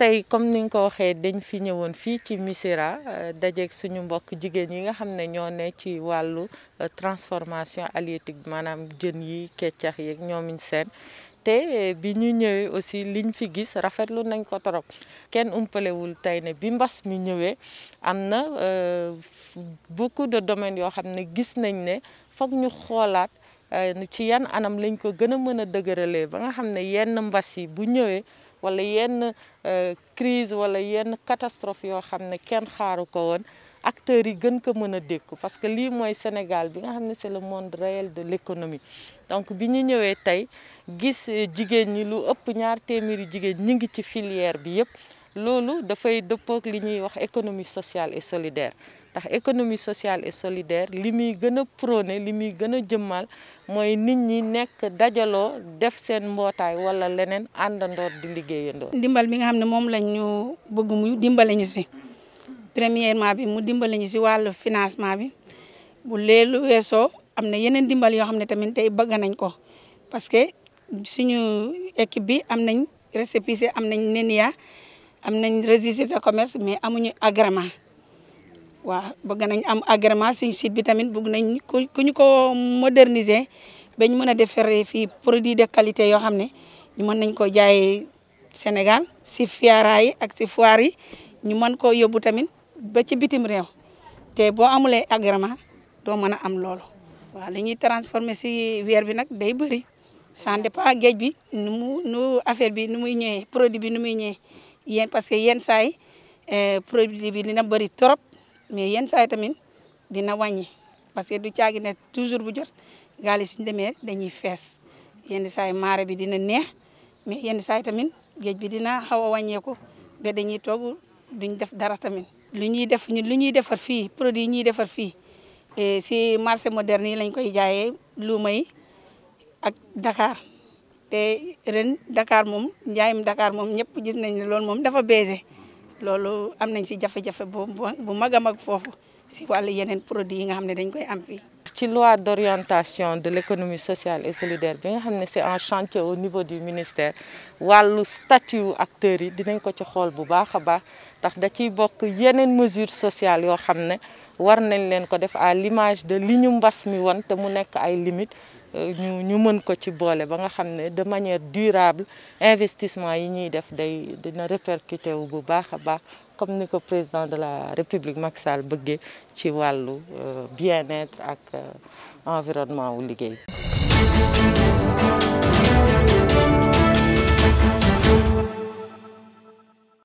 tey comme ni nga ko waxee dañ fi ñëwoon fii ci Missirah euh, dajeeg suñu mbokk jigéen yi nga xam ne ñoo ne ci wàllu euh, transformation halieutique maanaam jën yi keccax yeeg ñoomiñ seen te euh, bi ñu ñëwee aussi liñ fi gis rafetlu nañ ko torop kenn umpalewul tey ne bi mbas mi ñëwee am na beaucoup de domaines yoo xam ne gis nañ ne foog ñu xoolaat ci yan anam lañ ko gën a mën a dëgëralee ba nga xam ne yenn mbas yi bu ñëwee wala yenn euh, crise wala yenn catastrophe yoo xam ne kenn xaaru ko woon acteurs yi gën ko mën a dékku parce que lii mooy Sénégal bi nga xam ne c'est le monde réel de l'économie donc bi ñu ñëwee tey gis euh, jigéen ñi lu ëpp ñaar téeméeri jigéen ñi ngi ci filière bi yépp loolu dafay dëppook li ñuy wax économie sociale et solidaire ndax économie sociale et solidaire li muy gën a prôné li muy gën a jëmmal mooy nit ñi nekk dajaloo def seen mbootaay wala leneen àndandoor di liggéeyandoo. dimbal bi nga xam ne moom lañ ñu bëgg mu dimbale ñu si premièrement bi mu dimbale ñu si wàllu financement bi bu leelu weesoo am na yeneen dimbal yoo xam ne tamit tey bëgg nañ ko parce que suñu équipe bi am nañ récépissé am nañ NENIA am nañ registre de commerce mais amuñu agrément. wa bëgg nañ am agrément suñ site bi tamit bëgg nañ ku ñu ko moderniser bañ mëna mën fi produit de qualité yo xamné ñu mën nañ ko jaay Sénégal ci fiara yi ak ci foire yi ñu mën koo yobbu tamit ba ci bitim réew te bo amulé agrément do mëna am lolu wa li transformer ci wër bi nak day bëri sans dépend géej bi nu nu affaire bi nu muy ñëwé produit bi nu muy ñëwé yeen parce que yeen saa euh produit bi dina bëri trop mais yeen say yi tamit dina wàññi parce que du tiagi ne toujours bu jot gaal suñu démé dañuy fess yeen say yi bi dina neex mais yeen say yi tamit géej bi dina xawa a wàññeeku dañuy togu duñ def dara tamit. luñuy def ñun luñuy defar produit ñuy defar fii eh, si marché moderne yi lañ koy jaayé luuma yi ak Dakar te ren Dakar mom njaayum Dakar mom ñepp gis nañ ne lool mom dafa baissé. loolu am nañ ci jafé jafe bu bu maga mag fofu ci wàllu yenen produit yi nga xamné dañ koy am fi ci loi d'orientation de l'économie sociale et solidaire bi nga xamné c'est en chantier au niveau du ministère wàllu statut acteur yi dinañ ko ci xol bu baax a baax tax da ciy bok yenen mesures sociales yo xamné war nañ leen ko def à l'image de liñu mbass mi won te mu nek ay limites. Nous ñu mën ko ci de manière durable investissement yi ñuy def day dina répercuter wu bu baax comme ni président de la république Macky Sall bëggee ci walu euh, bien-être ak euh, environnement wu liggéey.